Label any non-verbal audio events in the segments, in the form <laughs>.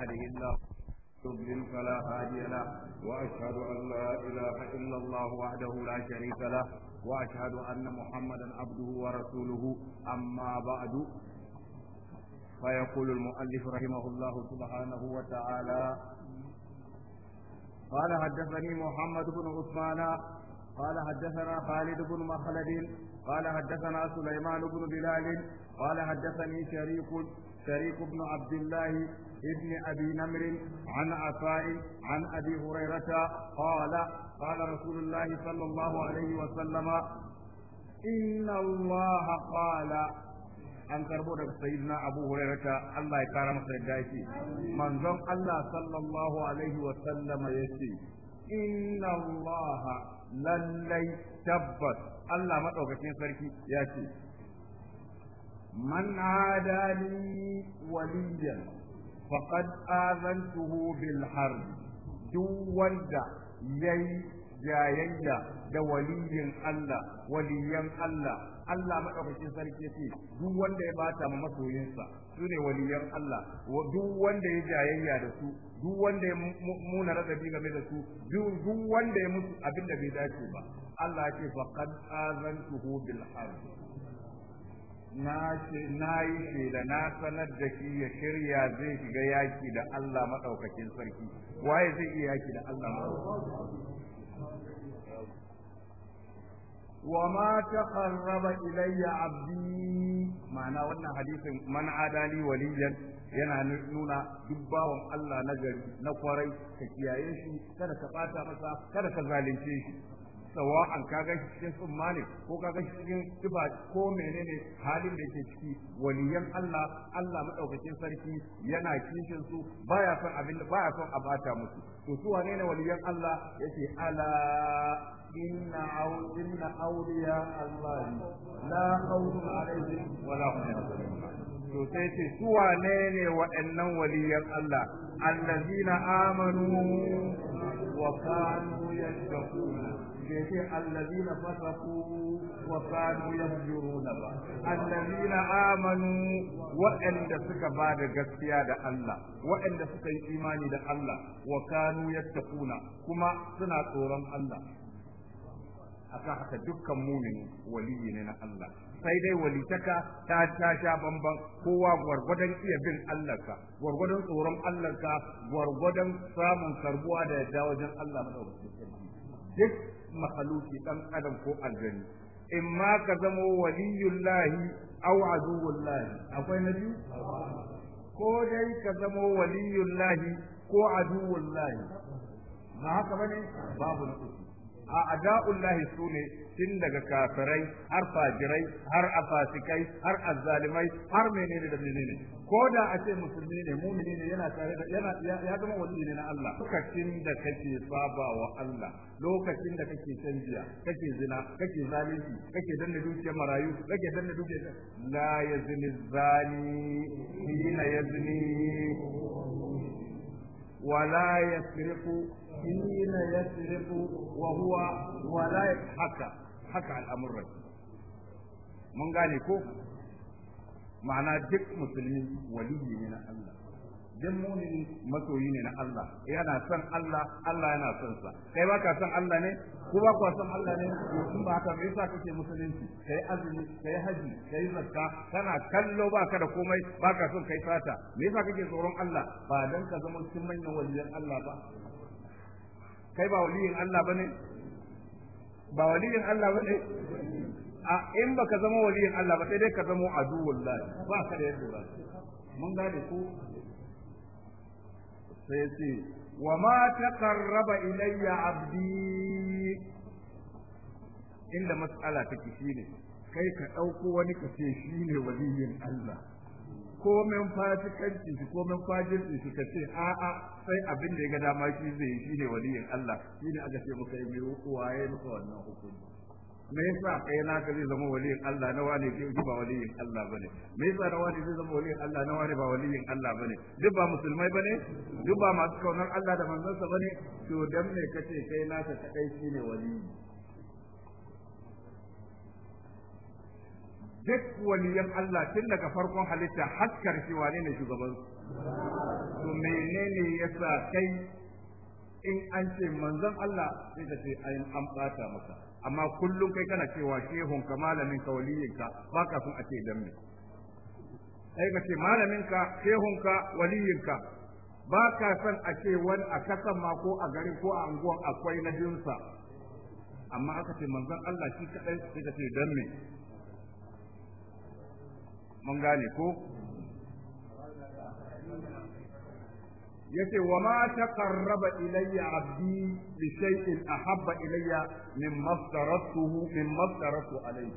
هذه الله تضلل فلا هادي له واشهد ان لا اله الا الله وحده لا شريك له واشهد ان محمدا عبده ورسوله اما بعد فيقول المؤلف رحمه الله سبحانه وتعالى قال حدثني محمد بن عثمان قال حدثنا خالد بن مخلد قال حدثنا سليمان بن بلال قال حدثني شريك شريك بن عبد الله ابن أبي نمر عن عفاء عن أبي هريرة قال قال رسول الله صلى الله عليه وسلم إن الله قال an karbo daga sayyidina abu hurairata Allah ya kara masa yadda yake manzon Allah sallallahu alaihi wa sallam yace inna Allah lallai tabbas Allah madaukakin sarki yace من عادى لي وليا فقد آذنته بالحرب duk wanda ya yi jayayya da waliyin Allah waliyan Allah Allah maɗaukacin sarki ce duk wanda ya bata ma masoyinsa su ne waliyan Allah duk wanda ya jayayya da su duk wanda ya muna radabi game da su duk wanda ya musu abin da bai dace ba Allah ce faqad azantuhu bil na yi shaida na sanar da shi ya shirya zai shiga yaki da Allah maɗaukakin sarki waye zai iya yaki da Allah maɗaukakin ma ta ƙarraba ilayya abdi Ma'ana wannan hadisin man adali waliyan yana nuna duk bawan Allah na gari na kwarai ka kiyaye shi kada ka ɓata masa kada ka zalunce shi an ka ga shi cikin tsumma ne ko ka ga shi cikin kiba ko menene halin da yake ciki waliyan Allah Allah madaukakin sarki yana kishin su baya son abin baya son a bata musu to su wane ne waliyan Allah yace ala إن عو... إن أولياء الله لا خوف عليهم ولا هم يحزنون to ce su wane ne waɗannan waliyan Allah allazina amanu wa kanu yattaquna ke ce allazina fasaku wa kanu yabjuruna ba allazina amanu wa'anda suka ba da gaskiya da Allah wa'anda suka yi imani da Allah wa kanu yattaquna kuma suna tsoron Allah akan haka dukkan mumini waliyi ne na Allah sai dai walitaka ta ta sha bamban kowa gwargwadon iya bin Allah ka gwargwadon tsoron Allah ka gwargwadon samun karbuwa da yadda wajen Allah madaukakin duk mahaluki dan adam ko aljani in ma ka zamo waliyullahi aw aduwullahi akwai na biyu ko dai ka zamo waliyullahi ko aduwullahi ba haka bane babu na uku a ada'ullahi su ne tun daga kafirai har fajirai har afasikai har azzalimai har menene da menene ko da a ce musulmi ne mumini ne yana tare da yana ya zama wali ne na Allah lokacin da kake saba wa Allah lokacin da kake canjiya kake zina kake zalunci kake danna dukiyar marayu kake danna dukiyar la yazni zani hina yazni ولا يسرق حين يسرق وهو ولا يتحكى حكى الأمر من قال يكون معنى دك مسلمين ولي من الله duk mumini masoyi ne na Allah yana son Allah Allah yana son sa kai ba ka son Allah ne ko ba ka son Allah ne in ba haka me yasa kake musulunci kai azumi kai haji kai zakka kana kallo ba ka da komai ba ka son kai fata me yasa kake tsoron Allah ba dan ka zama cikin manyan waliyan Allah ba kai ba waliyin Allah bane ba waliyin Allah bane a in baka zama waliyin Allah ba sai dai ka zama aduwullahi ba ka da yadda ba mun gane ko sai ya ce wa ma karraba ilayya abdi inda mas'ala take shine kai ka ɗauko wani ka ce shine waliyin Allah komen fasikanci shi komen fajirci shi ka ce a'a sai abin da ya ga dama shi zai yi shine waliyin Allah shine aka ce muka yi waye muka wannan hukunci me yasa kai ka zai zama waliyin Allah na wani ke ba waliyin Allah bane me yasa na wani zai zama waliyin Allah na wani ba waliyin Allah bane duk ba musulmai bane duk ba masu kaunar Allah da manzansa bane to dan me kace kai na ka kadai shine waliyi duk waliyan Allah tun daga farkon halitta har karshe wane ne shugaban to menene yasa kai in an ce manzon Allah sai ka ce an bata maka amma kullum kai kana cewa shehun ka malamin ka waliyin ka ba ka sun a ce dan sai ka ce malamin ka shehun ka waliyin ka ba ka san a ce wani a kasan ma ko a garin ko a anguwan akwai na jinsa amma aka ce manzon Allah shi kadai sai ka ce dan mai mun gane ko yace wa ma taqarraba ilayya abdi bi shay'in ahabba ilayya mimma aftaratuhu mimma aftaratu alayhi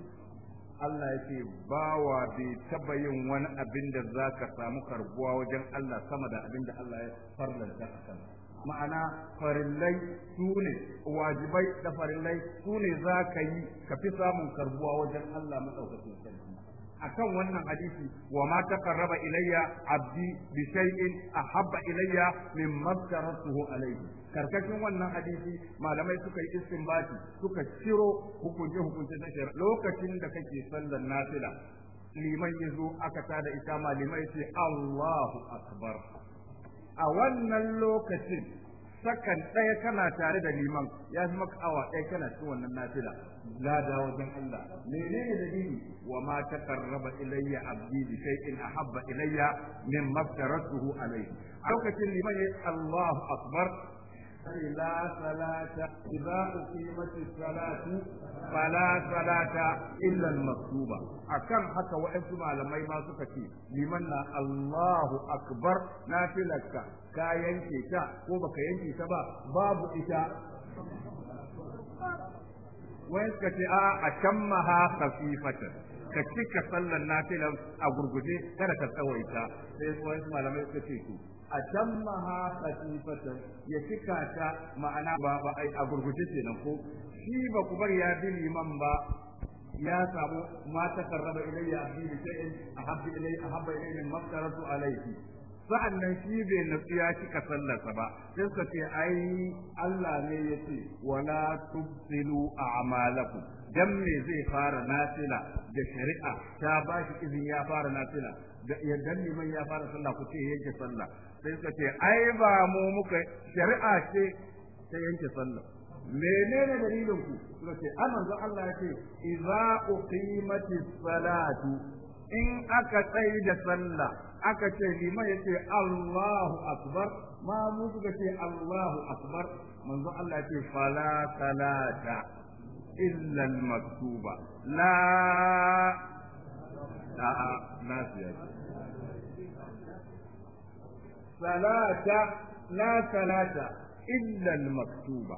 Allah yake bawa bai taba yin wani abin da za ka samu karbuwa wajen Allah sama da abin da Allah ya farlanta akan ma'ana farillai su ne wajibai da farillai su ne za ka yi ka fi samun karbuwa wajen Allah maɗaukakin sarki akan wannan hadisi wa ma taqarraba ilayya abdi bi shay'in ahabba ilayya mimma taratuhu alayhi karkashin wannan hadisi malamai suka yi istinbati suka ciro hukunce hukunce na shari'a lokacin da kake sallar nafila liman yazo aka tada ita malamai sai Allahu akbar a wannan lokacin sakan ɗaya kana tare da liman ya fi maka awa ɗaya kana cikin wannan nafila lada wajen Allah menene dalili wa ma taqarraba ilayya abdi bi shay'in ahabba ilayya min maftaratuhu alayhi lokacin liman ya Allahu akbar لا صلاة إذا أقيمت الصلاة فلا صلاة إلا المكتوبة أكم حتى وإنتم على ما يماسكتي لمن الله أكبر نافلك كاينكي تا كوبك ينكي تبا باب إتا wai suka ce a a kamma ha khafifatan ka cika sallar nafilan a gurguje kada ka tsawaita sai wani malamai suka ce ku A atammaha khatifatan ya cika ta ma'ana ba ba a gurguje kenan ko shi ba ku bar ya bi liman ba ya samu ma takarraba ilayya abdi bi shay'in ahabba ilayya ahabba ilayya maftaratu alayhi nan shi bai natsu ya cika sallarsa ba sai su ce ai Allah ne ya ce wala a a'malakum dan me zai fara nafila da shari'a ta ba shi izini ya fara nafila yadda liman ya fara sallah ku ce yanke sallah sai suka ce ai ba mu muka shari'a ce ta yanke sallah menene dalilin ku suka ce an manzo Allah ya ce idza uqimati salatu in aka tsayi da sallah aka ce liman ya ce Allahu akbar ma mu suka ce Allahu akbar manzo Allah ya ce fala salata illa al-maktuba la a'a na siyasa salata la salata illa al-maktuba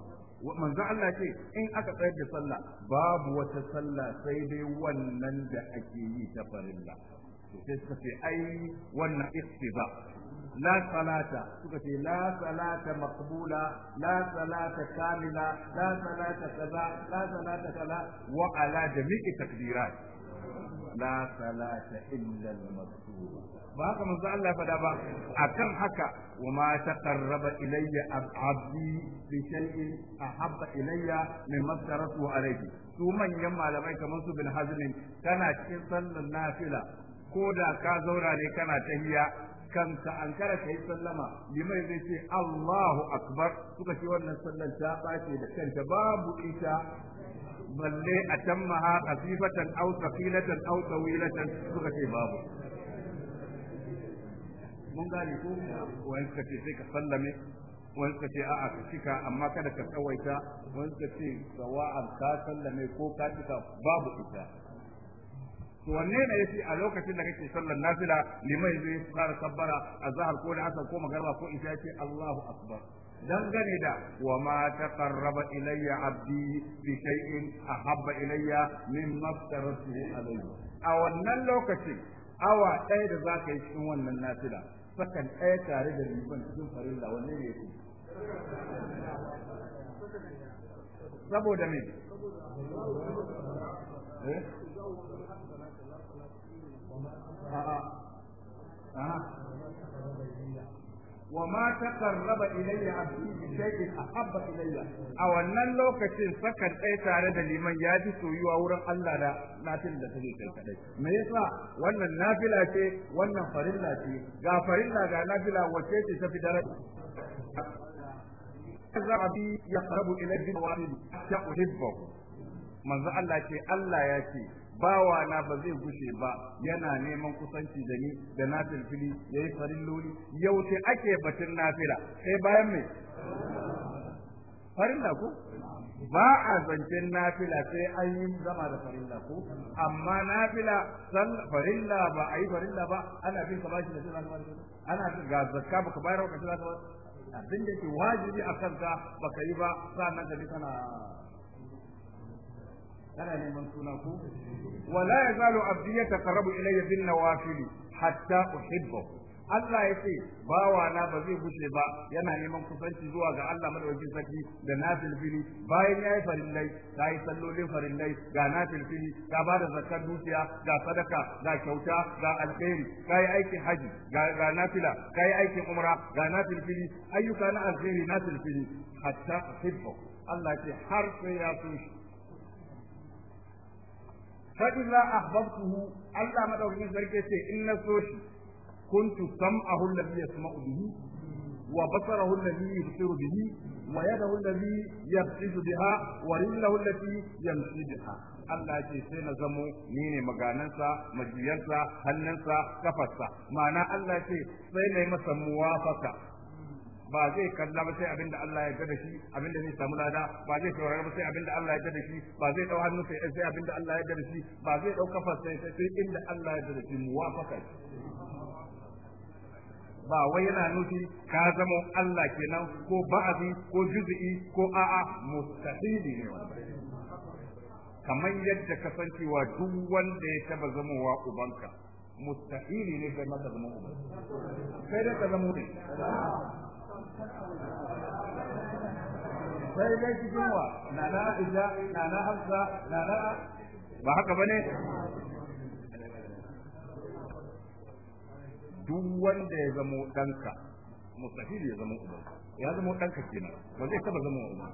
manzo Allah ce in aka tsayar da sallah babu wata sallah sai dai wannan da ake yi ta farilla sai suka ce ai wannan istiba la salata suka ce la salata maqbula la salata kamila la salata kaza la salata kaza wa ala jami'i takdirat la salata illa al-maktub ba haka manzo Allah fada ba akan haka wa ma taqarraba ilayya abdi bi shay'in ahabba ilayya mimma taratu alayhi su manyan malamai kamar su bin hazmin tana cikin sallar nafila ko da ka zaura ne kana tahiya kanka an kara kai sallama limai zai ce Allahu akbar suka ce wannan sallar ta bace da kanta babu ita balle a tammaha kafifatan aw kafilatan aw tawilatan suka ce babu mun gane ko wani suka ce sai ka sallame wani suka ce a'a ka cika amma kada ka tsawaita wani suka ce sawa'an ka sallame ko ka cika babu ita to wanne ne yace a lokacin da kake sallar nafila limai zai fara a azhar ko da asar ko magariba ko isha ce Allahu akbar dangane da wa ma taqarraba ilayya abdi bi shay'in ahabba ilayya min aftaratu alayhi a wannan lokacin awa ɗaya da za ka yi cikin wannan nafila sakan ɗaya tare da liban cikin farilla wanne ne ku saboda me eh? وما تقرب إلي عبدي بشيء أحب إلي أو أن لوكتين سكت أي تارد لمن يجي سويوا ورا الله لا ناتل da take kai kadai me yasa wannan nafila ce wannan farilla ce ga farilla ga nafila wacce ce tafi daraja zabi yaqrabu ilayhi wa yuhibbu manzo Allah ce Allah ya ce bawa na ba zai gushe ba yana neman kusanci da ni da nafil fili yayi yau sai ake batun nafila sai bayan me farin ko ba a zancen nafila sai an yi zama da farin ko amma nafila san farilla ba a yi farilla ba ana bin ka bashi da sai zaka ana ga zakka baka bayar ka sai zaka abin da ke wajibi a kanka baka yi ba sannan ka bi kana kana neman suna ko wala yazalu abdi yataqarrabu ilayya bin nawafil hatta uhibbahu Allah ya ce bawana ba zai gushe ba yana neman kusanci zuwa ga Allah madaukakin sarki da nafil fili bayan yayi farillai ga yi sallolin farillai ga nafil fili ga ba da zakar dukiya ga sadaka ga kyauta ga alkhairi ga yi aikin haji ga ga nafila ga yi aikin umra ga nafil fili ayyuka na alkhairi nafil fili hatta hibbu Allah ya ce har sai ya so shi fa idza ahbabtuhu Allah madaukakin sarki ce in na so shi kuntu sam'ahu alladhi yasma'u bihi wa basara basarahu alladhi yusiru bihi wa yadahu alladhi yabtishu biha wa rijluhu allati yamshi biha Allah ke sai na zamo ni ne maganansa majiyarsa hannunsa kafarsa ma'ana Allah ce sai na yi masa muwafaka ba zai kalla ba sai abin da Allah ya da shi abin da zai samu lada ba zai saurara ba sai abin da Allah ya da shi ba zai dau hannu sai sai abin da Allah ya da shi ba zai dau kafa sai sai inda Allah ya da shi muwafaka ba wai yana nufi ka zama Allah kenan ko ba'azi ko juz'i ko a'a mustahili ne kamar yadda kasancewa duk wanda ya taba zamowa ubanka mustahili ne kai maka zama ubanka sai dai ka zamo ne sai dai cikin wa na na Aisha na na Hafsa na na ba haka bane duk wanda ya zamo danka mustahil ya zamo uban ya zamo danka kenan ba zai taba zama uban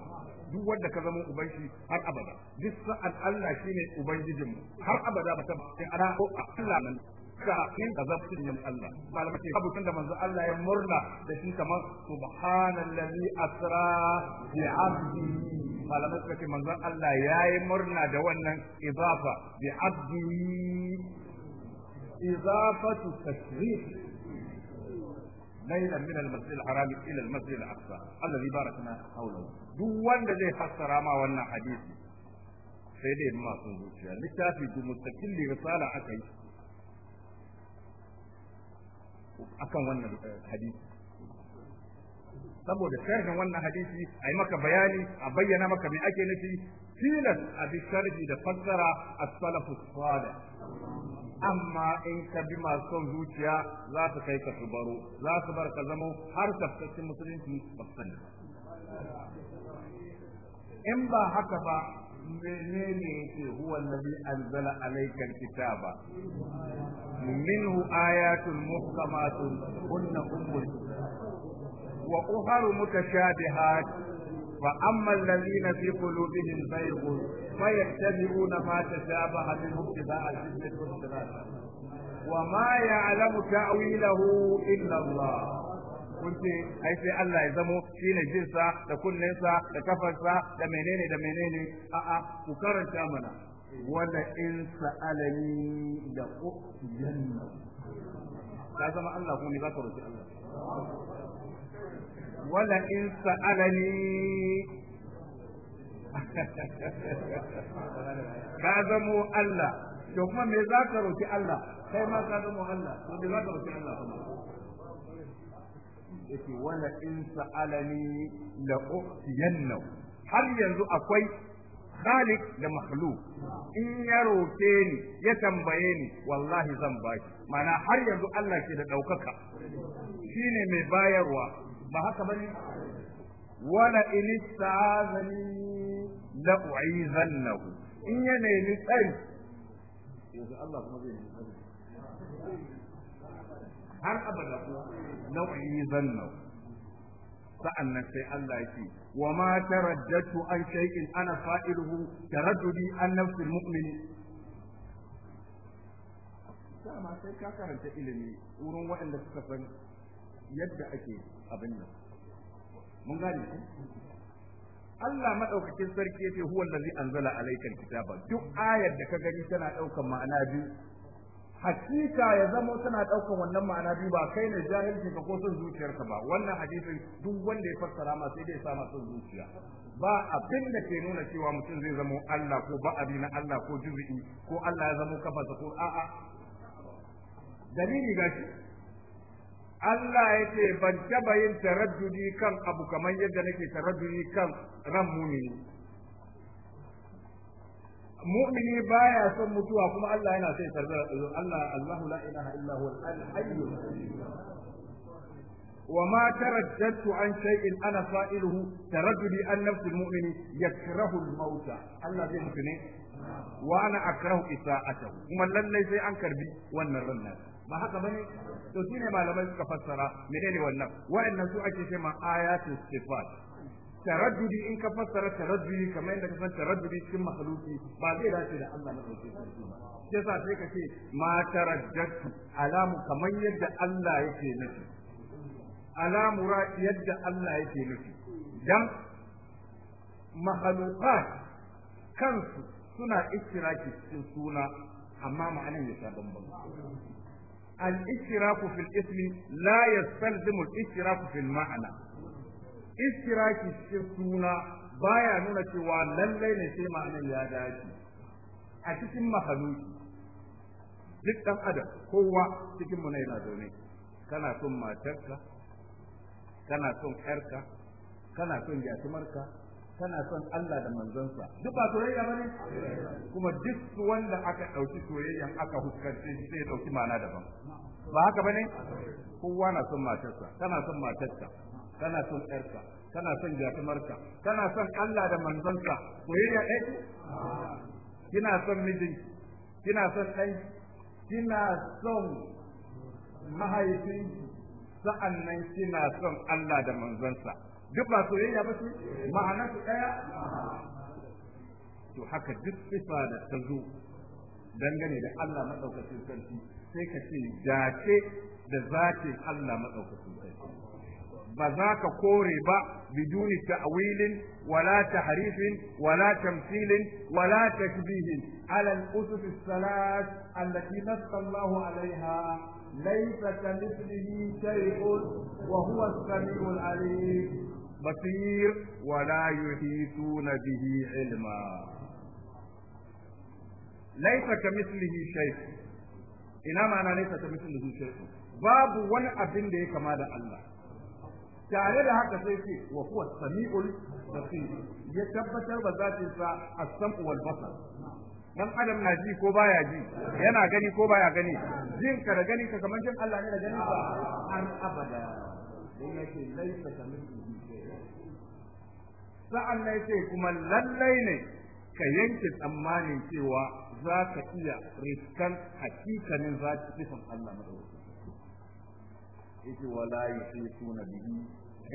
duk wanda ka zama uban shi har abada duk sa'an Allah shine ubangijin har abada ba ta ba ana ko Allah nan kafin azabtin yin Allah malamai ce abukan da manzo Allah ya murna da shi kamar subhanallazi asra bi abdi malamai ce manzo Allah yayi murna da wannan izafa bi abdi izafatu tashrif ليلا من المسجد الحرام الى المسجد الاقصى الذي باركنا حوله duk wanda zai fassara ma wannan hadisi sai dai masu zuciya littafi gumustakin risala aka yi akan wannan eh, hadisi saboda sharhin wannan hadisi a yi maka bayani a bayyana maka me ake nufi tilas a bi sharhi da fassara a salafu salih amma in ka bi masu son zuciya za su kai ka tubaro za su bar ka zamo har tafsirin musulunci ba in ba haka ba menene yake huwa allazi anzala alayka alkitaba minhu ayatun muhkamatun kunna ummul wa uharu mutashabihat fa amma allazina fi qulubihim zayghun fayattabi'una ma tashabaha minhu ibtida'a al-fitnati wa ma ya'lamu ta'wilahu illa Allah kun ce ai sai Allah ya zamo shine jinsa da sa da kafarsa da menene da menene a'a ku karanta mana wala in sa'alani da uyanna ka zama Allah ku ne zaka roki Allah wala in sa'alani <laughs> ka zamo Allah to kuma me zaka roki Allah kai ma ka zamo Allah to me zaka roki Allah kuma yake wala in sa'alani la uqtiyanna har yanzu akwai khaliq da makhluq in ya roke ni ya tambaye ni wallahi zan baki mana har yanzu Allah ke da daukaka shine mai bayarwa ba haka bane wala in sa'alani la uizanna in ya nemi tsari yanzu Allah kuma zai har abada nau'i zanna sa'annan sai Allah yake wa ma taraddatu an shay'in ana fa'iluhu taraddudi an nafsi mu'min dama sai ka karanta ilimi wurin waɗanda suka san yadda ake abin nan mun gane ku Allah madaukakin sarki yake huwa allazi anzala alaykal kitaba duk ayar da ka gani tana daukan ma'ana biyu hakika ya zama tana ɗaukar wannan ma'ana biyu ba kai ne jahilci ka ko son zuciyarka ba wannan hadisin duk wanda ya fassara ma sai dai sama son zuciya ba abin da ke nuna cewa mutum zai zama Allah ko ba'adi na Allah ko juzu'i ko Allah ya zama kafarsa ko a'a dalili gashi Allah ya ce ban taba yin taraddudi kan abu kamar yadda nake taraddudi kan ran mumini mu'mini baya son mutuwa kuma Allah yana sai tarzara Allah Allahu la ilaha illa huwa al-hayyul وما ترددت عن شيء انا فاعله ترددي عن نفس المؤمن يكره الموت الله زي متني وانا اكره اساءته kuma lallai sai an karbi wannan ranna ba haka bane to shine malamai suka fassara menene wannan wa'annan su ake cewa ayatu sifat taraddudi in ka fassara taraddudi kamar yadda ka san taraddudi cikin mahaluki ba zai dace da Allah na dauke sarki ba sai sa sai ka ce ma taraddatu alamu kamar yadda Allah yake nufi alamu ra yadda Allah yake nufi dan mahaluka kansu suna ikiraki cikin suna amma ma'anin ya sha bambam al-ishtiraku fil ismi la yastalzimu al-ishtiraku fil ma'ana istiraki cikin suna baya nuna cewa lallai ne sai ma'anar ya dace a cikin mahaluki duk dan adam kowa cikin mu ne yana zaune kana son matarka kana son ƴarka kana son yatimarka kana son Allah da manzonsa duk ba soyayya bane kuma duk wanda aka dauki soyayyan aka huskance shi sai ya dauki ma'ana daban ba haka bane kowa na son matarsa kana son matarka kana son ƴarka kana son jatumarka kana son Allah da manzonsa soyayya ɗaya kina son mijin kina son ɗan kina son mahaifin sa'annan kina son Allah da manzonsa duk ba soyayya ba shi? ma'ana su ɗaya to haka duk sifa da ta zo dangane da Allah maɗaukacin sarki sai ka ce dace da zakin Allah maɗaukacin ba za ka kore ba biduni ta'wilin wala tahrifin wala tamthilin wala tashbihin ala al-usuf as-salat allati nassa Allahu 'alayha laysa kamithlihi shay'un wa huwa as-sami'u al-'alim basir wala yuhituna bihi 'ilma laysa kamithlihi shay'un ina ma'ana laysa kamithlihi shay'un babu wani abin da ya kama da Allah tare da haka sai ce wa huwa sami'ul basir ya tabbatar ba zatin sa as-sam'u wal basar dan adam na ji ko baya ji yana gani ko baya gani jin ka da gani ka kamar jin Allah ne da gani ba an abada dai yake laisa kamithlihi sa'an nan sai kuma lallai ne ka yanke tsammanin cewa za ka iya riskan hakikanin zati sifan Allah madaukakin yace wala yusuna bihi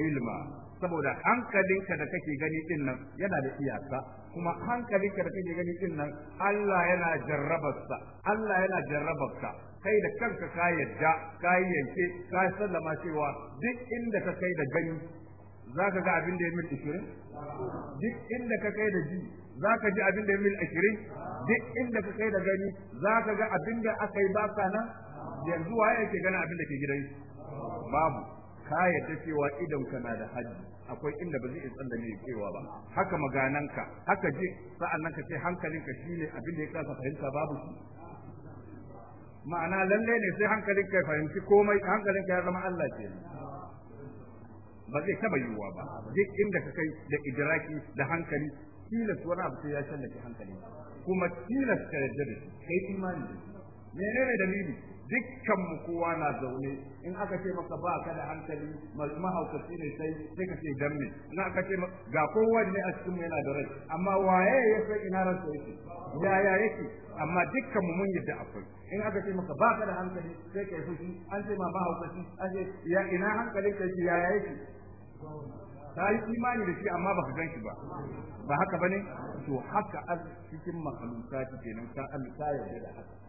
ilma saboda hankalinka da kake gani din nan yana da iyaka kuma hankalinka da kake gani din nan Allah yana jarrabarsa Allah yana jarrabarka kai da kanka ka yadda ka yanke ka sallama cewa duk inda ka kai da gani zaka ga abin da ya mil 20 duk inda ka kai da ji zaka ji abin da ya mil 20 duk inda ka kai da gani zaka ga abin da aka yi baka nan yanzu waye yake gani abin da ke gidan babu ka yadda cewa idan ka na da hajji akwai inda ba zai iya tsanda ne cewa ba haka magananka haka ji sa'annan ka ce hankalinka shine abin da ya kasa fahimta babu shi ma'ana lalle ne sai hankalinka ya fahimci komai hankalinka ya zama Allah ce ba zai taba yiwuwa ba duk inda ka kai da idraki da hankali tilas wani abu sai ya shallake hankali kuma tilas ka yarda da shi kai imani da shi ne dalili dukkan mu kowa na zaune in aka ce maka ba ka da hankali mahaukaci ne sai sai ka ce dan me in aka ce ga ne a cikin yana da rai amma waye ya san ina ransa yake yaya yake amma dukkan mu mun yadda akwai in aka ce maka ba ka da hankali sai ka yi fushi an ce ma mahaukaci an ce ya ina hankalin ka yake yaya yake ta yi imani da shi amma ba gan shi ba ba haka bane to haka cikin makalunta kenan ka alƙa yarda da haka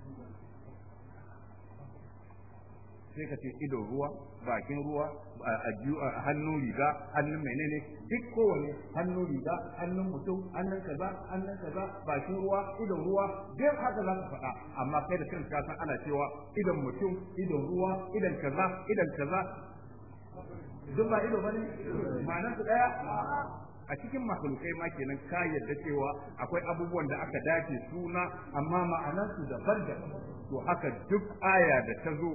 sai ka ce ido ruwa bakin ruwa hannu riga hannun menene duk kowane hannu riga hannun mutum hannun kaza hannun kaza bakin ruwa idon ruwa duk haka za ka faɗa amma kai da kanka san ana cewa idon mutum idon ruwa idon kaza idon kaza duk ba ido bane ma'anar su daya a cikin mahalukai ma kenan ka yadda cewa akwai abubuwan da aka dace suna amma ma'anar su daban daban to haka duk aya da ta zo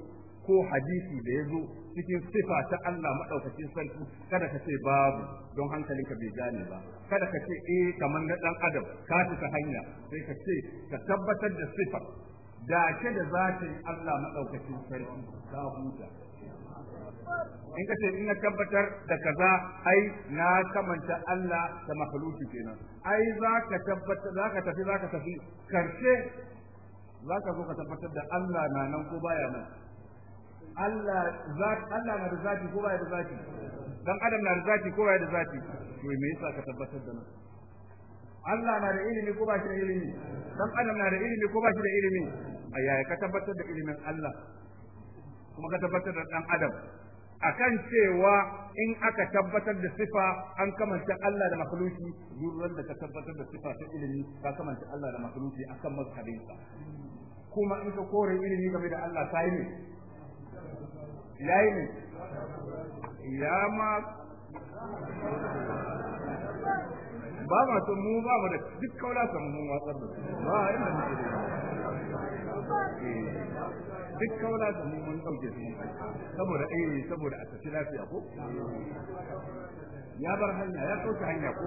ko hadisi da ya zo cikin sifa ta Allah maɗaukacin sarki kada ka ce babu don hankalinka bai gane ba kada ka ce eh kamar na ɗan adam ka ta hanya sai ka ce ka tabbatar da sifa dace da zatin Allah maɗaukacin sarki ka huta in ka ce in na tabbatar da kaza ai na kamanta Allah da makhluki kenan ai za ka tabbata za ka tafi za ka tafi karshe za ka zo ka tabbatar da Allah na nan ko baya nan Allah Allah na da zaki ko ba da zaki dan adam na da zaki ko ba da zaki to me yasa ka tabbatar da nan Allah na da ilimi ko ba shi da ilimi dan adam na da ilimi ko ba shi da ilimi ayaya ka tabbatar da ilimin Allah kuma ka tabbatar da dan adam akan cewa in aka tabbatar da sifa an kamanta Allah da makhluki gurran da ka tabbatar da sifa ta ilimi ka kamanta Allah da makhluki akan mazhabinsa kuma in ka kore ilimi game da Allah sai ne yayi ne ya ma ba ma son mu ba mu da duk kaula samu mun watsar da ba inda muke da eh, duk kaula da mu mun dauke su mun saboda eh saboda a tafi lafiya ko ya bar hanya ya kauce hanya ko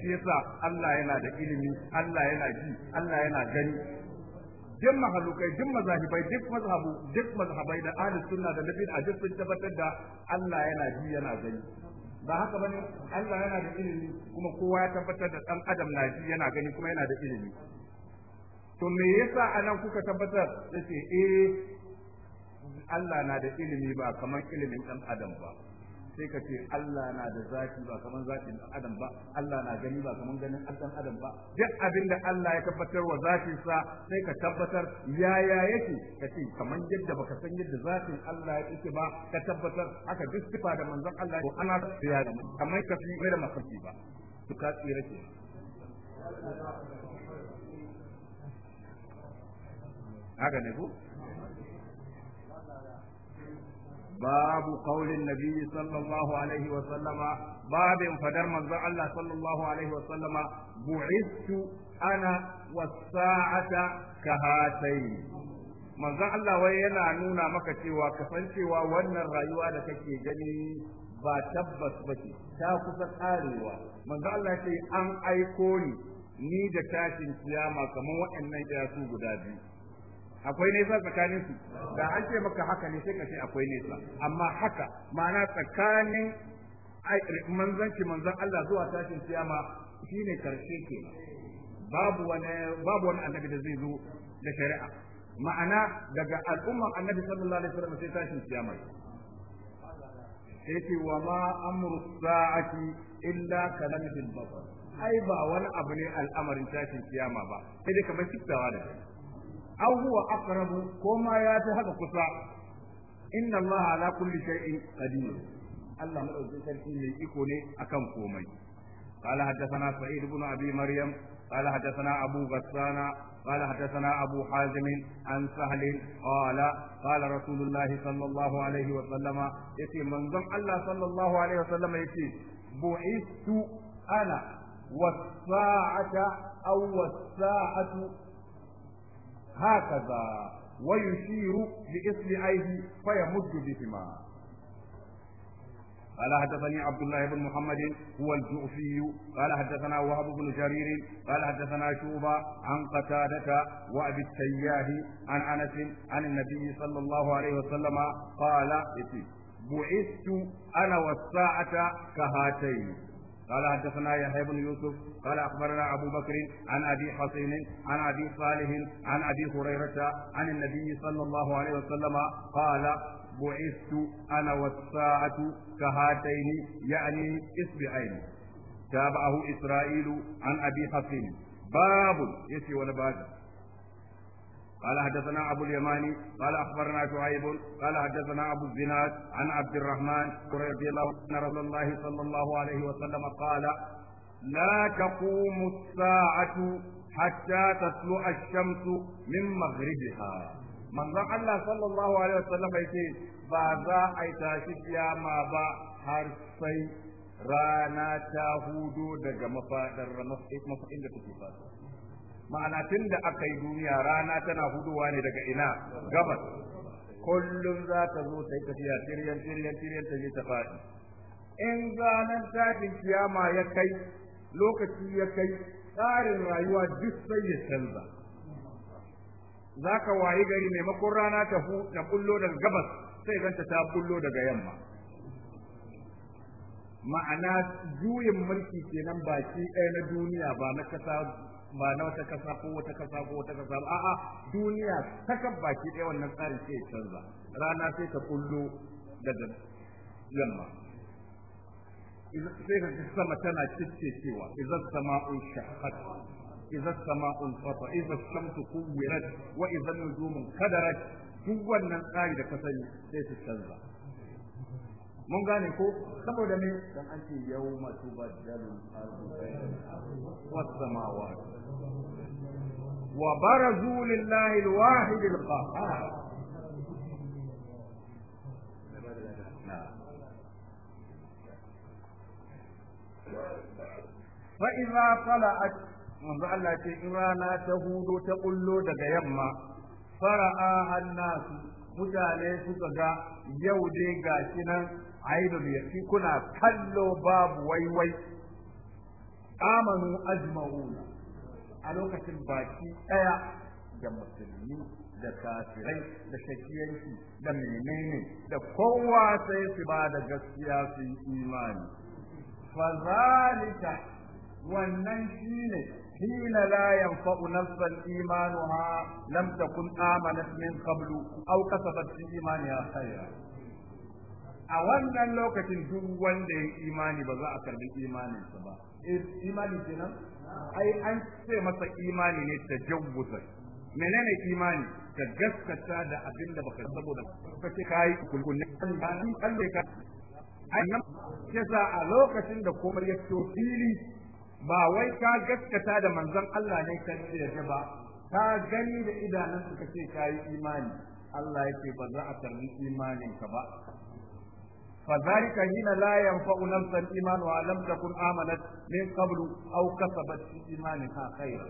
shi yasa Allah yana da ilimi Allah yana ji Allah yana gani duk mahalukai duk mazahibai duk mazhabu duk mazhabai da ahli sunna da nabi a duk sun tabbatar da Allah yana ji yana gani ba haka bane Allah yana da ilimi kuma kowa ya tabbatar da dan adam na ji yana gani kuma yana da ilimi to me yasa anan kuka tabbatar yace eh Allah na da ilimi ba kamar ilimin dan adam ba sai ka ce Allah na da zafi ba kaman zakin dan adam ba Allah na gani ba kaman ganin dan adam ba duk abin da Allah ya tabbatar wa zafin sa sai ka tabbatar ya-ya ya yake ka ce kaman yadda baka san yadda zafin Allah ya yake ba ka tabbatar haka duk sifa da manzon Allah ko ana tsaya da kamar ka fi mai da mafarki ba to ka tsira ke haka ne ko باب قول النبي صلى الله عليه وسلم باب فدر من الله صلى الله عليه وسلم بعثت أنا والساعة كهاتين manzon Allah wai yana nuna maka cewa kasancewa wannan rayuwa da kake gani ba tabbas ba bace ta kusa karewa manzon Allah ce an aiko ni ni da tashin kiyama kamar waɗannan iyasu guda biyu akwai nesa tsakanin su da an ce maka haka ne sai ka ce akwai nesa amma haka ma'ana tsakanin manzanci manzan Allah zuwa tashin kiyama shine karshe ke babu wani babu wani annabi da zai zo da shari'a ma'ana daga al'umman annabi sallallahu alaihi wasallam sai tashin kiyama sai wa ma amru sa'ati illa kalamil basar ai ba wani abu ne al'amarin tashin kiyama ba sai dai kamar kiftawa da shi aw huwa aqrabu ko ma ya fi haka kusa inna allaha ala kulli shay'in qadir Allah madaukakin sarki ne iko ne akan komai قال حدثنا سعيد بن ابي مريم قال حدثنا ابو غسان قال حدثنا ابو حازم عن سهل قال قال رسول الله صلى الله عليه وسلم يتي منظم الله صلى الله عليه وسلم يتي بعثت انا والساعه او والساعه هكذا ويشير بإصبعيه فيمد بهما قال حدثني عبد الله بن محمد هو الجعفي قال حدثنا وهب بن جرير قال حدثنا شوبة عن قتادة وأبي التياه عن أنس عن النبي صلى الله عليه وسلم قال بعثت أنا والساعة كهاتين قال حدثنا يحيى بن يوسف قال اخبرنا ابو بكر عن ابي حصين عن ابي صالح عن ابي هريره عن النبي صلى الله عليه وسلم قال بعثت انا والساعه كهاتين يعني اصبعين تابعه اسرائيل عن ابي حصين باب يسي ولا باب قال حدثنا أبو اليماني قال أخبرنا شعيب قال حدثنا أبو الزناد عن عبد الرحمن رضي الله عنه رسول الله صلى الله عليه وسلم قال لا تقوم الساعة حتى تطلع الشمس من مغربها manzon Allah sallallahu alaihi wasallam yake ba za a yi tashi kiyama ba har sai rana ta hudo daga mafadar mafadin da take fasa ma'ana tun da aka yi duniya rana tana huduwa ne daga ina gabas kullum za ta zo ta yi tafiya tiryan tiryan tiryan ta je ta faɗi in zanen tashin kiyama ya kai lokaci ya kai tsarin rayuwa duk sai ya canza za ka wayi gari maimakon rana ta bullo kullo daga gabas sai zanta ta bullo daga yamma ma'ana juyin mulki kenan baki ɗaya na duniya ba na kasa ba na wata kasa ko wata kasa ko wata kasa ba a'a duniya sakan baki ɗaya wannan tsarin sai ya canza rana sai ta kullo daga yamma sai ka ji sama tana cewa idan sama'u shaqqat idan sama'u fata idan shamsu kuwirat wa idan nujumu kadarat duk wannan tsari da ka sani sai su canza mun gane ko saboda me dan an ce yawma tubaddalu al-ardu was samawati wa barazu lillahi al-wahid al-qahhar fa idza tala'at manzo Allah ce in rana ta hudo ta kullo daga yamma fara'a an-nas mutane suka ga yau dai gashi nan ainul yaqin kuna kallo babu waiwai amanu ajma'una a lokacin baki daya da musulmi da kafirai da shakiyanki da menene da kowa sai su ba da gaskiya su yi imani fazalika wannan shine حين لا ينفع نفسا إيمانها لم تكن آمنت من قبل أو كسبت في إيمانها خيرا a wannan lokacin duk wanda ya imani ba za a karbi imaninsa ba eh, imani kenan ai an ce masa imani ne ta jawwuta menene imani ka gaskata da abin da baka saboda ce kai kulkunni an kalle ka annan yasa a lokacin da komai ya fito fili ba wai ka gaskata da manzon Allah ne ka ce ba ka gani da idanunka ce kai imani Allah yake ba za a karbi imaninka ba فذلك حين لا ينفع نفسا الايمان ولم تكن امنت من قبل او كسبت في ايمانها خيرا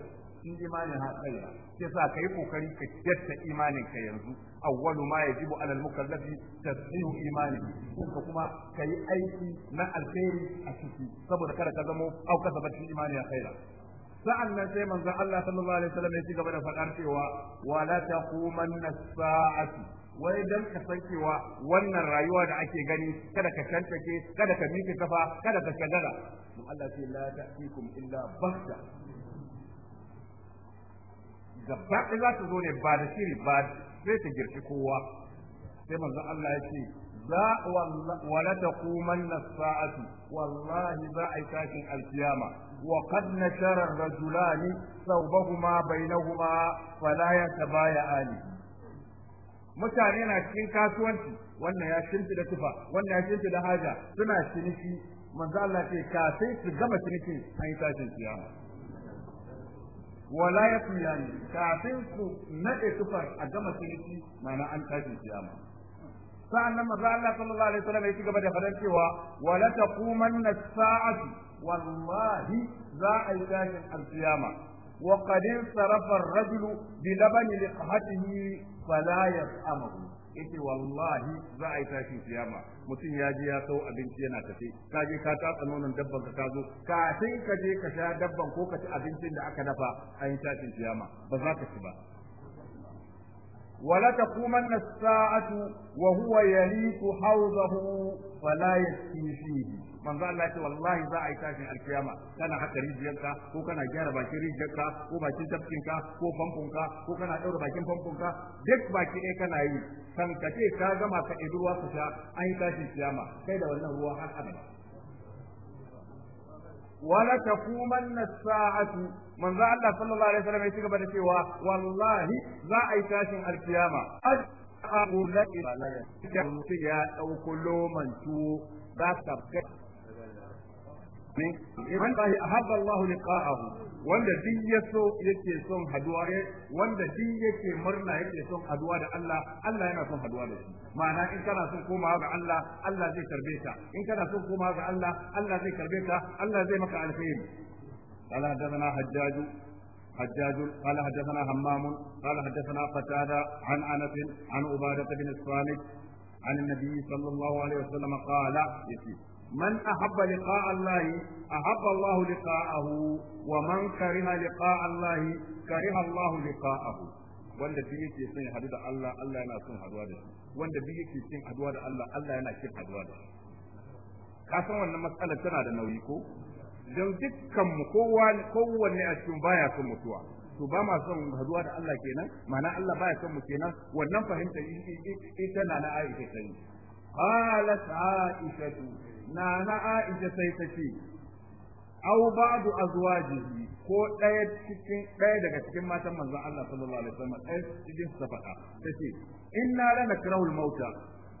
in imanin ha tsaya ke sa kai kokari ka jatta imanin ka yanzu awwalu ma yajibu alal mukallafi tasdihu imani ko kuma ka yi aiki na alkhairi a ciki saboda kada ka zamo au kasabati imani ya khaira sa'annan sai manzon Allah sallallahu alaihi wasallam ya ci gaba da faɗar cewa wala taqumanna sa'atu wai dan ka san cewa wannan rayuwa da ake gani kada ka tantake kada ka miƙe kafa kada ka shagala mun Allah ce la ta'tikum illa bahta gaba ɗaya za ta zo ne ba da shiri ba sai ta girki kowa sai manzo Allah ya ce za wala taqumanna sa'atu wallahi za a yi tashin alkiyama وقد نشر rajulani ثوبهما bainahuma fala yatabaya'ani mutane na cikin kasuwanci wannan ya shirfi da tufa wannan ya shirfi da haja suna ciniki manzo Allah ce kafin su gama cinikin an yi tashin kiyama wala ya tuyani kafin su nade tufar a gama ciniki ma'ana an tashin kiyama sa'annan manzo Allah sallallahu alaihi wasallam ya ci gaba da faɗan cewa wala taqumanna as-sa'atu wallahi za a yi tashin al-kiyama وقد انصرف الرجل بلبن لقحته فلا يطعمه yace wallahi za a yi tashin kiyama mutum ya je ya sau abinci yana tafe ka je ka tatsa nonon dabban ka ka zo kafin ka je ka sha dabban ko ka ci abincin da aka dafa an yi tashin kiyama ba za ka ci ba wala kuma na saatu wa huwa yaliku hauzahu fala yaskin shi manzo Allah ce wallahi za a yi tashin alkiyama kana haka rijiyarka ko kana gyara bakin rijiyarka ko bakin tafkinka ko famfonka ko kana daura bakin famfonka duk baki ɗaya kana yi kan ka ce ka gama ka ɗebi ruwa ka sha an yi tashin kiyama kai da wannan ruwa har abada wala na sa'atu manzo Allah sallallahu alaihi wasallam ya ci gaba da cewa wallahi za a yi tashin alkiyama a gulla ya ɗauko loman tuwo za ka ne iman bahi ahabba Allah liqa'ahu wanda duk yaso yake son haduwa eh, wanda duk yake murna yake son haduwa da Allah Allah yana son haduwa da shi ma'ana in kana son komawa ga Allah Allah zai karbe ka in kana son komawa ga Allah Allah zai karbe ka Allah zai maka alkhairi قال حدثنا حجاج حجاج قال حدثنا همام قال حدثنا قتادة عن أنس عن عبادة بن الصامت عن النبي صلى الله عليه وسلم قال يسير من أحب لقاء الله أحب الله لقاءه ومن كره لقاء الله كره الله لقاءه wanda duk yake son ya hadu da Allah Allah yana son haduwa da shi wanda duk yake son haduwa da Allah Allah yana son haduwa da shi ka san wannan matsalar tana da nauyi ko don dukkan mu kowa kowanne a cikin baya son mutuwa to ba ma son haduwa da Allah kenan ma'ana Allah baya son mu kenan wannan fahimta ita na na Aisha sai qalat Aisha Na na Aisha sai ta ce Au ba'du azwajihi ko ɗaya cikin ɗaya daga cikin matan manzon Allah sallallahu alaihi wasallam ɗaya cikin su faɗa tace inna na nakrahu al-mauta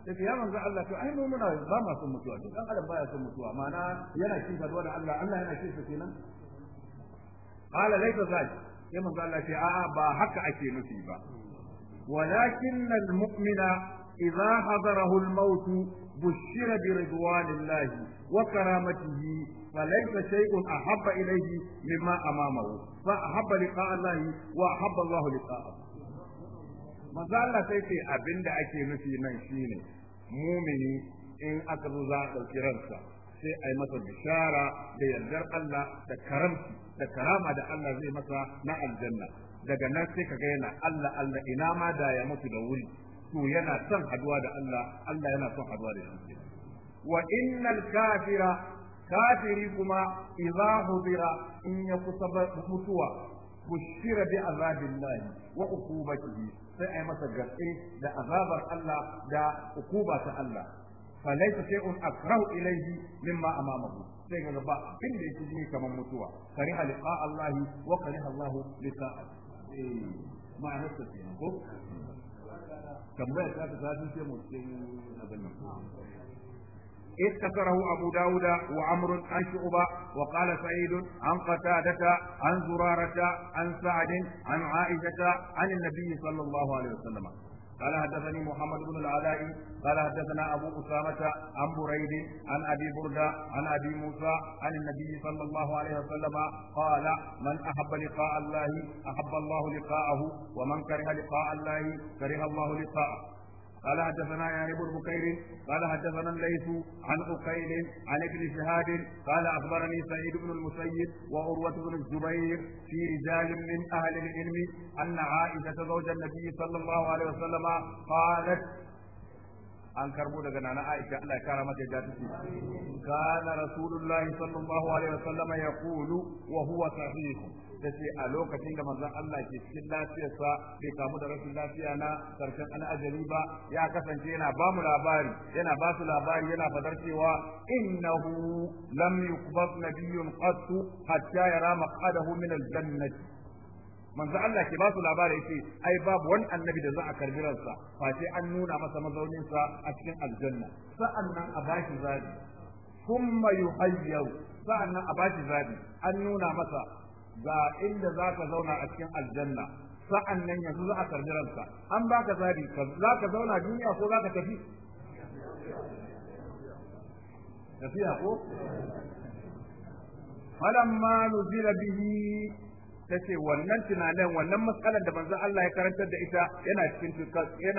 tace ya manzon Allah to ai mu muna ba ma son mutuwa to dan adam baya son mutuwa mana yana kifa da Allah Allah yana kifa kenan qala laysa zaj sai manzon Allah ce a'a ba haka ake nufi ba walakin al-mu'mina idza hadarahu al-mautu بشر برضوان الله وكرامته فليس شيء أحب إليه مما أمامه فأحب لقاء الله وأحب الله لقاءه ما زال sai ce abin da ake nufi nan shine mumini in aka zo za sai a yi masa bishara da yardar Allah da karamci da karama da Allah zai masa na aljanna daga nan sai ka ga yana Allah Allah ina ma da ya mutu da wuri to yana son haduwa da Allah Allah yana son haduwa da shi wa innal kafira kafiri kuma idza hudira in ya kusa mutuwa bushira bi azabillahi wa uqubatihi sai ai masa gaske da azabar Allah da ukuba ta Allah فليس شيء أكره إليه مما أمامه sai ga ba abin da yake jini kamar mutuwa kariha liqa Allah wa kariha Allah liqa eh, ma'anar ta kenan ko tambaya ta ta zafin ce mu cikin abin nan اذكره أبو داود وعمر عن شعبة وقال سعيد عن قتادة عن زرارة عن سعد عن عائشة عن النبي صلى الله عليه وسلم قال حدثني محمد بن العلاء قال حدثنا ابو اسامه عن بريد عن ابي برده عن ابي موسى عن النبي صلى الله عليه وسلم قال من احب لقاء الله احب الله لقاءه ومن كره لقاء الله كره الله لقاءه قال حدثنا يا بن بكير قال حدثنا الليث عن عقيل عن ابن شهاب قال اخبرني سعيد بن المسيب وعروة بن الزبير في رجال من اهل العلم ان عائشة زوج النبي صلى الله عليه وسلم قالت an karbo daga nana Aisha Allah ya kara mata da take kana rasulullahi sallallahu alaihi wasallam yaqulu wa huwa sahih ta ce a lokacin da manzon Allah ke cikin lafiyarsa bai samu da rashin lafiya na karshen an ajali ba ya kasance yana ba mu labari yana ba su labari yana fadar cewa innahu lam yukbat nabiyyun qattu hatta yara maqadahu min al jannah manzo Allah ke ba su labari yace ai babu wani annabi da za a karbi ransa face an nuna masa mazaunin sa a cikin aljanna sa'annan a bashi zabi kuma yuhayyu sa'annan a bashi zabi an nuna masa ga inda za ka zauna a cikin aljanna sa'an nan yanzu za a karbi ranka an ba ka zaɓi. za ka zauna duniya ko za ka tafi tafiya ko falamma nuzila bihi ce wannan tunanin wannan matsalar da manzon Allah ya karantar da ita yana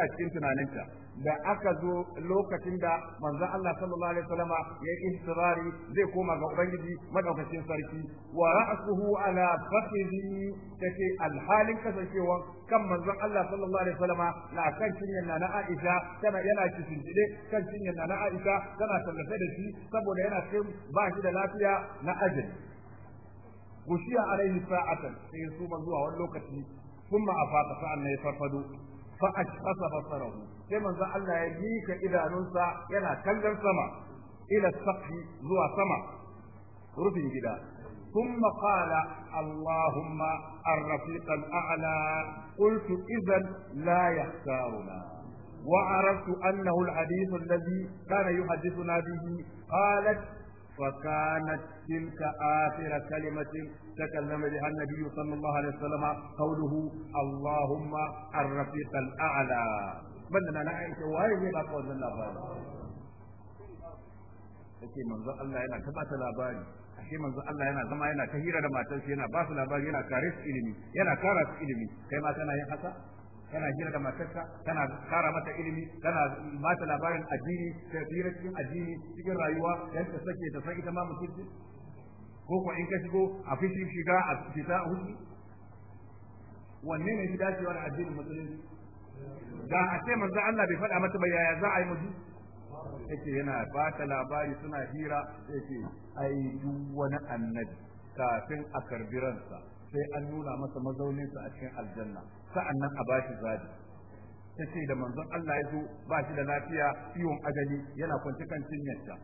cikin tunaninta da aka zo lokacin da manzon Allah sallallahu alaihi wasallam ya yi istirari zai koma ga ubangiji madaukakin sarki wa ra'suhu ala fakhidhi take alhalin kasancewa kan manzon Allah sallallahu alaihi wasallam na kan cinyar na Aisha tana yana cikin jide kan cinyar na Aisha tana tallafe da shi saboda yana cikin ba shi da lafiya na ajin غشي عليه ساعة سيصوم الزوى واللوكة ثم أفاق فأنا يفرفد فأشخص بصره sai manzon Allah ya mika idanunsa yana kallon sama ila safi zuwa sama rufin gida ثم قال اللهم الرفيق الأعلى قلت إذا لا يختارنا وعرفت أنه الحديث الذي كان يحدثنا به قالت فكانت تلك آخر كلمة تكلم بها النبي صلى الله عليه وسلم قوله اللهم الرفيق الأعلى banda na Aisha waye zai baka wannan labari take manzo Allah yana ta labari ashe manzo Allah yana zama yana ta hira da matan shi yana ba su labari yana kare su ilimi yana kara su ilimi kai ma kana yin haka kana hira da matarka kana kara mata ilimi kana ba ta labarin addini ta hira cikin addini cikin rayuwa dan ta sake ta san ita ma mutunci ko ko in ka shigo a fishi shiga a fita a hudu wanne ne shi dacewa da addinin musulunci da a ce manzo Allah bai faɗa mata ba yaya za a yi mutu yake yana ba ta labari suna hira yake ai duk wani annabi kafin a karbi ransa sai an nuna masa mazauninsa a cikin aljanna sa'annan a bashi zabi ta ce da manzon Allah ya zo ba shi da lafiya ciwon ajali yana kwance kan cinyarta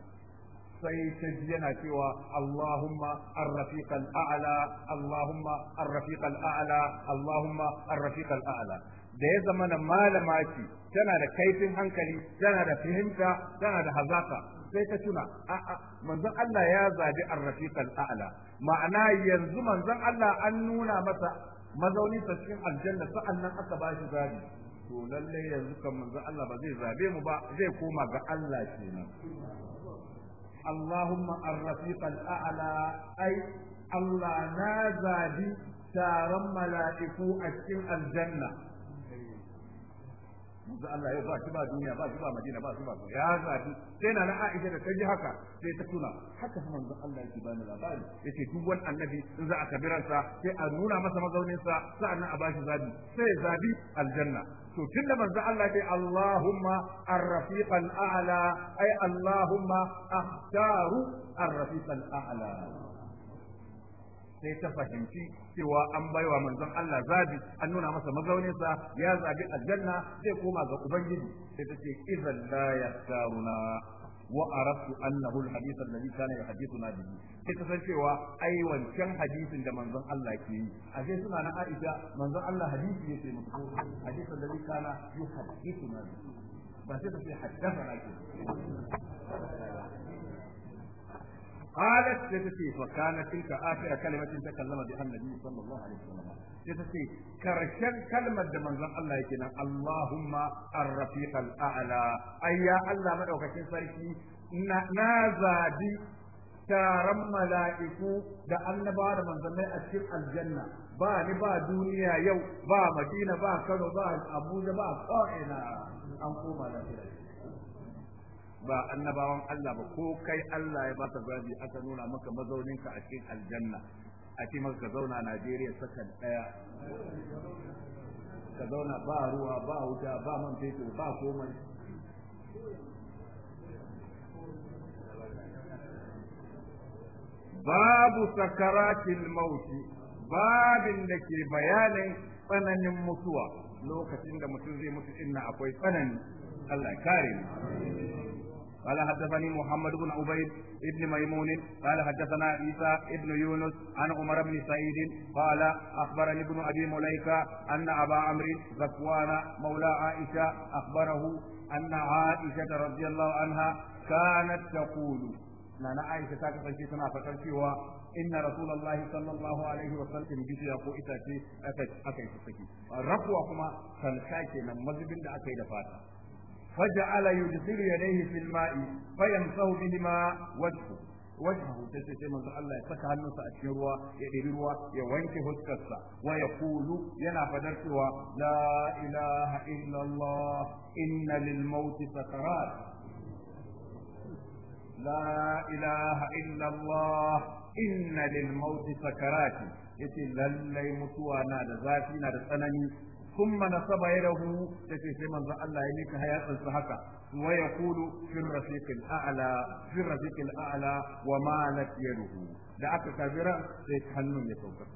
sai ta ji yana cewa Allahumma ar-rafiqal a'la Allahumma ar a'la Allahumma ar a'la da ya zama na malama ce tana da kaifin hankali tana da fahimta tana da hazaka sai ta tuna a'a manzon Allah ya zabi ar-rafiqal a'la ma'ana yanzu manzon Allah an nuna masa mazauni cikin aljanna nan aka ba shi zabi to lalle yanzu kan manzon Allah ba zai zabe mu ba zai koma ga Allah kenan اللهم الرفيق الأعلى Allah na نازل taron mala'iku a cikin aljanna manzo Allah ya ba shi ba duniya ba shi ba Madina ba shi ba ya zabi sai na Aisha da ta ji haka sai ta tuna haka manzo Allah yake bani labari yace duk wani annabi in za a kabiransa sai a nuna masa mazaunin sa sa'annan a bashi zabi sai zabi aljanna to tunda manzo Allah ya ce Allahumma ar-rafiq ala ay Allahumma ahtaru ar ala sai ta fahimci cewa an baiwa manzon Allah zabi an nuna masa mazauninsa ya zabi aljanna zai koma ga ubangiji sai ta ce idan la yasaruna wa arabtu annahu alhadith alladhi kana yuhaddithuna bihi sai ta san cewa ai wancan hadisin da manzon Allah ke yi a sai suna na Aisha manzon Allah hadisi yake musu hadith alladhi kana yuhaddithuna bihi ba sai ta ce haddathana ke قالت تتسي فكانت تلك آخر كلمة تكلم بها النبي صلى الله عليه وسلم تتسي كرشن كلمة من ذا الله يكنا اللهم الرفيق الأعلى أيا الله من أوكشن سرشي نازادي taron mala'iku da annaba da manzannai a cikin aljanna ba ni ba duniya yau ba madina ba kano ba abuja ba ko'ina an koma lafiya ba annabawan Allah ba ko kai Allah ya baka zabi aka nuna maka ka a cikin aljanna a ce maka zauna a Najeriya sakan daya ka zauna ba ruwa ba wuta ba man fetur ba komai babu sakaratil mauti babin da ke bayanin tsananin mutuwa lokacin da mutum zai mutu inna akwai tsananin Allah kare mu قال حدثني محمد بن عبيد بن ميمون قال حدثنا عيسى بن يونس عن عمر بن سعيد قال اخبرني ابن ابي مليكه ان ابا عمرو ذكوان مولى عائشه اخبره ان عائشه رضي الله عنها كانت تقول لنا عائشه تكفي سنه فكرتي inna rasulullahi sallallahu alaihi wa sallam bishiya ko itace aka yi saki rakuwa kuma salka kenan mazubin da aka yi da fata فجعل يدخل يديه في الماء فيمسح بهما وجهه وجهه تسيتي من الله يسكى هنوسا أتشروا يدروا يوينك هسكسا ويقول ينا فدرسوا لا إله إلا الله إن للموت سكرات لا إله إلا الله إن للموت سكرات yace lallai mutuwa na da zafi na da tsanani ثم نصب يده تشي سي منزل الله يميك حياة الصحكة ويقول في الرفيق الأعلى في الرفيق الأعلى وما لك يده دعك كبيرا سيتحنن يتوقف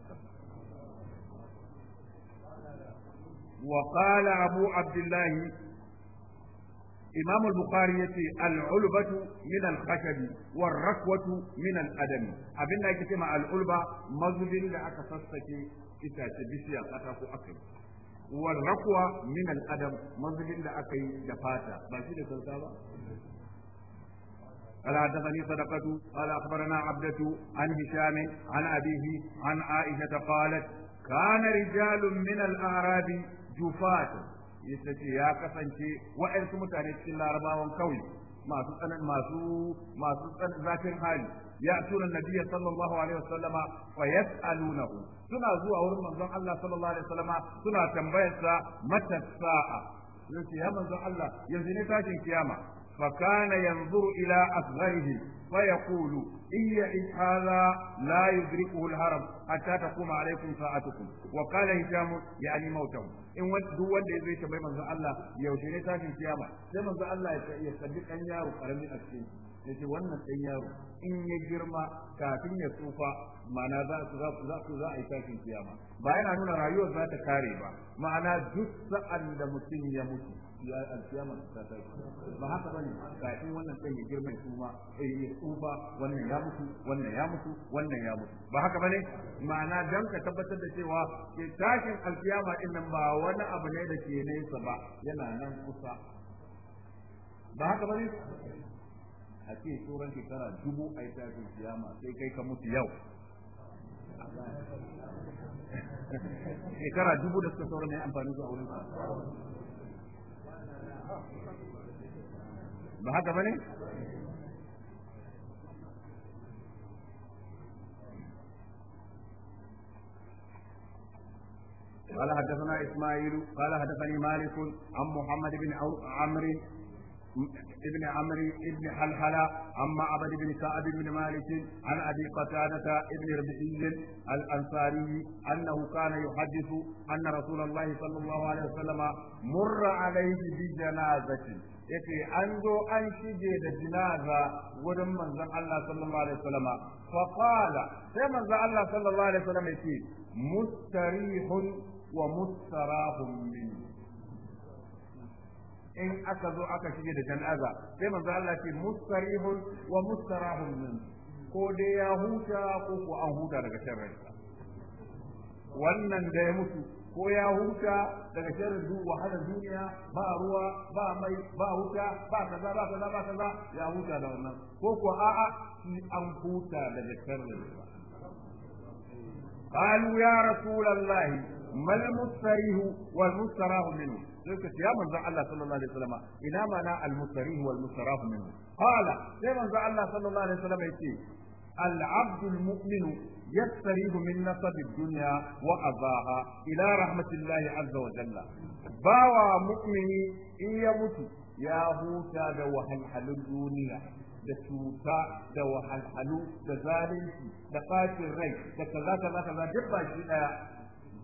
وقال أبو عبد الله إمام البخاري يتي العلبة من الخشب والركوة من الأدم أبنى كتما العلبة مزبل لأكسستك إتاتي بشيا أتاكو أكل wal rakwa min al adam manzilin da aka yi da fata ba shi da kansa ba قال حدثني صدقة قال أخبرنا عبدة عن هشام عن أبيه عن عائشة قالت كان رجال من الأعراب جفاة يستشي يا كفنشي وإن سمت عن السلة رباهم كوي masu tsanan masu masu tsanan zafin hali ya tuna nabiyyi sallallahu alaihi wasallama fa yasalunahu suna zuwa wurin manzon Allah sallallahu alaihi wasallama suna tambayarsa mata sa'a yace ya manzon Allah yanzu ne tashin kiyama fa kana yanzuru ila asgharihi فيقول إن يعش هذا لا يدركه الهرم حتى تقوم عليكم ساعتكم وقال هشام يعني موته إن duk wanda ya zai tambayi manzo Allah yaushe ne tashin kiyama sai manzo Allah ya sabbi kan yaro karami a cikin yace wannan dan yaro in ya girma kafin ya tsufa ma'ana za su za a yi tashin kiyama ba yana nuna rayuwar za ta kare ba ma'ana duk sa'an da mutum ya mutu ya alfiyama ta ta ba haka bane kafin wannan sai ya girma su ma eh ya tsufa wannan ya mutu wannan ya mutu wannan ya mutu ba haka bane ma'ana dan ka tabbatar da cewa ke tashin alfiyama din nan ba wani abu ne da ke nesa ba yana nan kusa ba haka bane a ce tsoron shekara dubu a yi tashin alfiyama sai kai ka mutu yau <laughs> shekara dubu da suka sauran ne amfani zuwa wurin ba haka bane قال حدثنا اسماعيل قال حدثني مالك عن محمد بن عمرو ابن عمرو ابن حلحلة عن معبد بن كعب بن مالك عن أبي قتادة ابن ربيعي الأنصاري أنه كان يحدث أن رسول الله صلى الله عليه وسلم مر عليه بجنازة yake an zo an shige da jinaza wurin manzon Allah sallallahu alaihi wasallam fa qala sai manzon Allah sallallahu alaihi wasallam yake mustarihun wa mustarahun min in aka zo aka shige da janaza sai manzo Allah ce mustarihun wa mustarahun min ko dai ya huta ko ko an huta daga sharri wannan da ya mutu ko ya huta daga sharri duk wahalar duniya ba ruwa ba mai ba huta ba kaza ba kaza ba kaza ya huta da wannan ko ko a'a a an huta daga sharri قالوا يا رسول الله mal mustarihu wal mustarahu minhu sai ka ya manzon Allah sallallahu alaihi wasallam ina mana al mustarihu wal mustarahu minhu qala sai manzon Allah sallallahu alaihi wasallam yace al abdul mu'minu يستريح من نصب الدنيا وأضاها إلى ila الله عز وجل باوى bawa إن in ya mutu ya huta da wahalhalun duniya da cuta da wahalhalu da zalunci da ɓacin rai da kaza kaza kaza duk baki ɗaya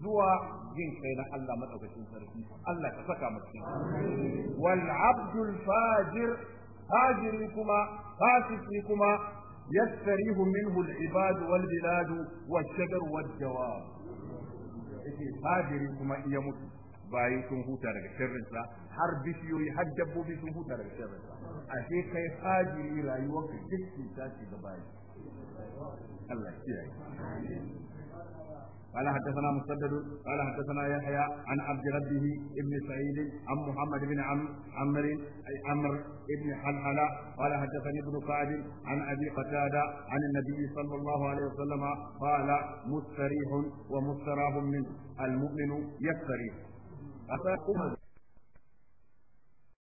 zuwa jin kai na Allah madaukakin sarki Allah ka saka mu cikin wal abdul fajir fajiri kuma fasiki kuma yastarihu minhu al ibad wal bilad wal shajar wal jawab yake fajiri kuma iya mutu bayan sun huta daga sharrinsa har bishiyoyi har dabbobi sun huta daga sharrinsa ashe kai fajiri rayuwarka duk cuta ce ga bayi Allah ya kiyaye قال حدثنا مسدد قال حدثنا يحيى عن عبد ربه ابن سعيد عن محمد بن عم عمر اي عمرو ابن حلحلة قال حدثني ابن كعب عن ابي قتادة عن النبي صلى الله عليه وسلم قال مستريح ومستراح منه المؤمن يستريح